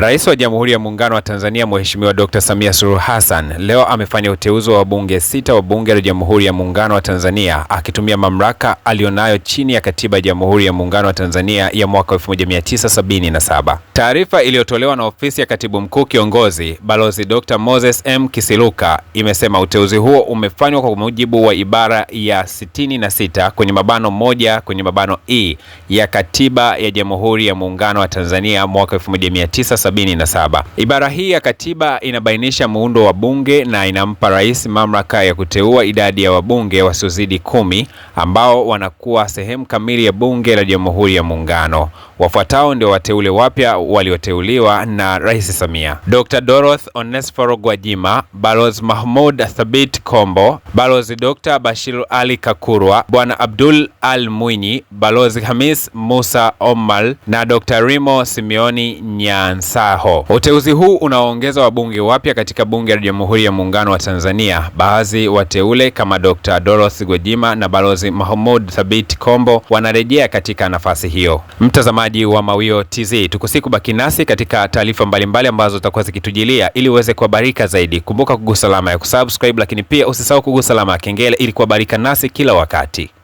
Rais wa Jamhuri ya Muungano wa Tanzania Mheshimiwa Dr. Samia Suluhu Hassan leo amefanya uteuzi wa wabunge sita wa Bunge la Jamhuri ya Muungano wa Tanzania akitumia mamlaka aliyonayo chini ya Katiba ya Jamhuri ya Muungano wa Tanzania ya mwaka 1977. Taarifa iliyotolewa na Ofisi ya Katibu Mkuu Kiongozi, Balozi Dr. Moses M. Kisiluka imesema uteuzi huo umefanywa kwa mujibu wa ibara ya 66 kwenye mabano moja kwenye mabano E ya Katiba ya Jamhuri ya Muungano wa Tanzania mwaka 1977 77. Ibara hii ya katiba inabainisha muundo wa bunge na inampa rais mamlaka ya kuteua idadi ya wabunge wasiozidi kumi ambao wanakuwa sehemu kamili ya bunge la Jamhuri ya Muungano. Wafuatao ndio wateule wapya walioteuliwa na Rais Samia: Dr. Doroth Onesforo Gwajima, Balozi Mahmud Thabit Kombo, Balozi Dr. Bashir Ali Kakurwa, Bwana Abdul Al Mwinyi, Balozi Hamis Musa Omal na Dr. Rimo simeoni Nyansaho. Uteuzi huu unaongeza wabunge wapya katika Bunge la Jamhuri ya Muungano wa Tanzania. Baadhi wateule kama Dr. Doroth Gwajima na Balozi Mahmud Thabit Kombo wanarejea katika nafasi hiyo. Mtazamaji mtazamaji wa Mawio TV, tukusi kubaki nasi katika taarifa mbalimbali ambazo zitakuwa zikitujilia ili uweze kuhabarika zaidi. Kumbuka kugusa alama ya kusubscribe, lakini pia usisahau kugusa alama ya kengele ili kuhabarika nasi kila wakati.